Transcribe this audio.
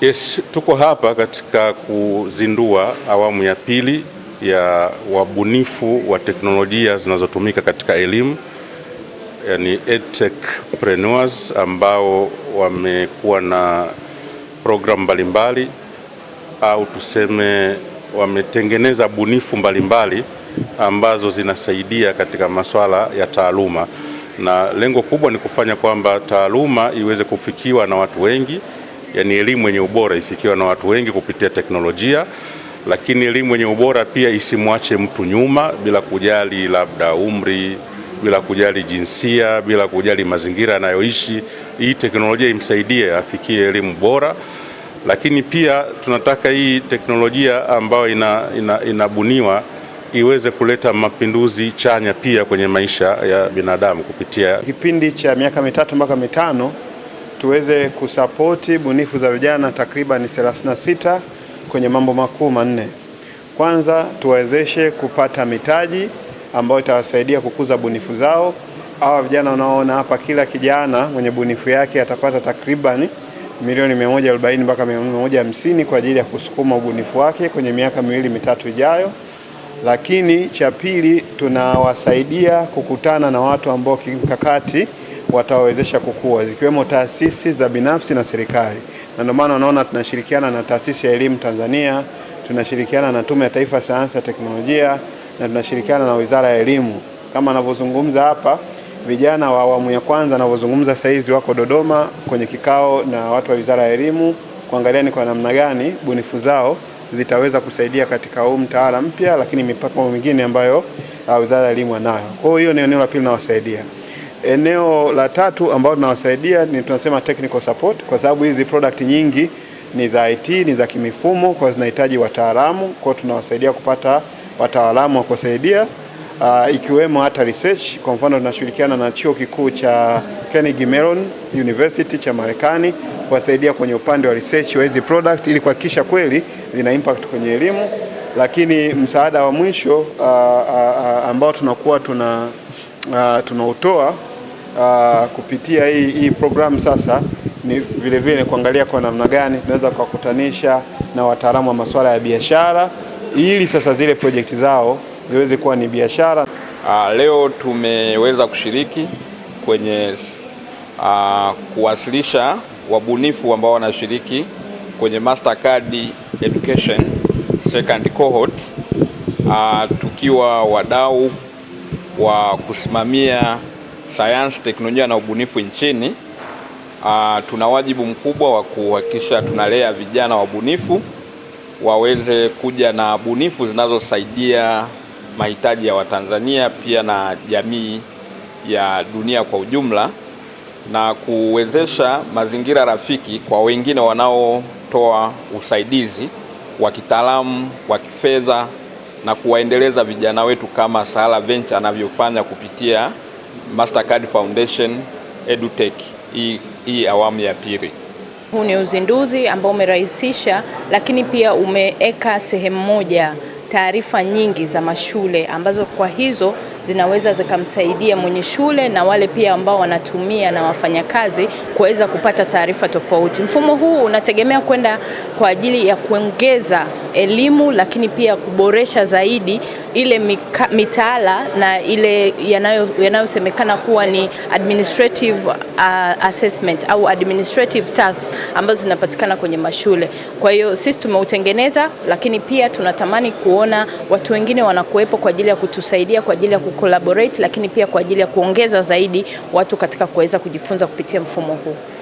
Yes, tuko hapa katika kuzindua awamu ya pili ya wabunifu wa teknolojia zinazotumika katika elimu, yani preneurs ambao wamekuwa na programu mbalimbali au tuseme wametengeneza bunifu mbalimbali ambazo zinasaidia katika masuala ya taaluma, na lengo kubwa ni kufanya kwamba taaluma iweze kufikiwa na watu wengi yani elimu yenye ubora ifikiwa na watu wengi kupitia teknolojia, lakini elimu yenye ubora pia isimwache mtu nyuma, bila kujali labda umri, bila kujali jinsia, bila kujali mazingira anayoishi. Hii teknolojia imsaidie afikie elimu bora, lakini pia tunataka hii teknolojia ambayo inabuniwa ina, ina iweze kuleta mapinduzi chanya pia kwenye maisha ya binadamu kupitia kipindi cha miaka mitatu mpaka mitano tuweze kusapoti bunifu za vijana takriban 36 kwenye mambo makuu manne. Kwanza, tuwawezeshe kupata mitaji ambayo itawasaidia kukuza bunifu zao. Hawa vijana unaoona hapa, kila kijana mwenye bunifu yake atapata takriban milioni 140 mpaka 150 kwa ajili ya kusukuma ubunifu wake kwenye miaka miwili mitatu ijayo. Lakini cha pili, tunawasaidia kukutana na watu ambao kimkakati watawawezesha kukua, zikiwemo taasisi za binafsi na serikali, na ndio maana unaona tunashirikiana na taasisi ya elimu Tanzania, tunashirikiana na Tume ya Taifa ya Sayansi na Teknolojia na tunashirikiana na Wizara ya Elimu. Kama anavyozungumza hapa, vijana wa awamu ya kwanza anavyozungumza sasa hizi wako Dodoma kwenye kikao na watu wa Wizara ya Elimu kuangalia ni kwa namna gani bunifu zao zitaweza kusaidia katika huu mtaala mpya, lakini mipango mingine ambayo uh, Wizara ya Elimu anayo. Kwa hiyo ni eneo la pili nawasaidia Eneo la tatu ambao tunawasaidia ni tunasema technical support, kwa sababu hizi product nyingi ni za IT, ni za kimifumo, kwa zinahitaji wataalamu, kwa tunawasaidia kupata wataalamu wa kusaidia uh, ikiwemo hata research. Kwa mfano tunashirikiana na chuo kikuu cha Carnegie Mellon University cha Marekani kuwasaidia kwenye upande wa research wa hizi product ili kuhakikisha kweli zina impact kwenye elimu, lakini msaada wa mwisho uh, uh, uh, ambao tunakuwa tuna uh, tunaotoa uh, kupitia hii, hii programu sasa ni vile vile kuangalia kwa namna gani tunaweza kuwakutanisha na wataalamu wa masuala ya biashara ili sasa zile projekti zao ziweze kuwa ni biashara. Uh, leo tumeweza kushiriki kwenye uh, kuwasilisha wabunifu ambao wanashiriki kwenye Mastercard Education second cohort uh, tukiwa wadau wa kusimamia sayansi, teknolojia na ubunifu nchini, uh, tuna wajibu mkubwa wa kuhakikisha tunalea vijana wabunifu waweze kuja na bunifu zinazosaidia mahitaji ya Watanzania pia na jamii ya dunia kwa ujumla na kuwezesha mazingira rafiki kwa wengine wanaotoa usaidizi wa kitaalamu wa kifedha na kuwaendeleza vijana wetu kama Sahara Venture anavyofanya kupitia Mastercard Foundation EduTech hii hii awamu ya pili. Huu ni uzinduzi ambao umerahisisha, lakini pia umeeka sehemu moja taarifa nyingi za mashule ambazo kwa hizo zinaweza zikamsaidia mwenye shule na wale pia ambao wanatumia na wafanyakazi kuweza kupata taarifa tofauti. Mfumo huu unategemea kwenda kwa ajili ya kuongeza elimu, lakini pia kuboresha zaidi ile mitaala na ile yanayosemekana yanayo kuwa ni administrative uh, assessment au administrative tasks ambazo zinapatikana kwenye mashule. Kwa hiyo sisi tumeutengeneza, lakini pia tunatamani kuona watu wengine wanakuwepo kwa ajili ya kutusaidia kwa ajili ya kucollaborate, lakini pia kwa ajili ya kuongeza zaidi watu katika kuweza kujifunza kupitia mfumo huu.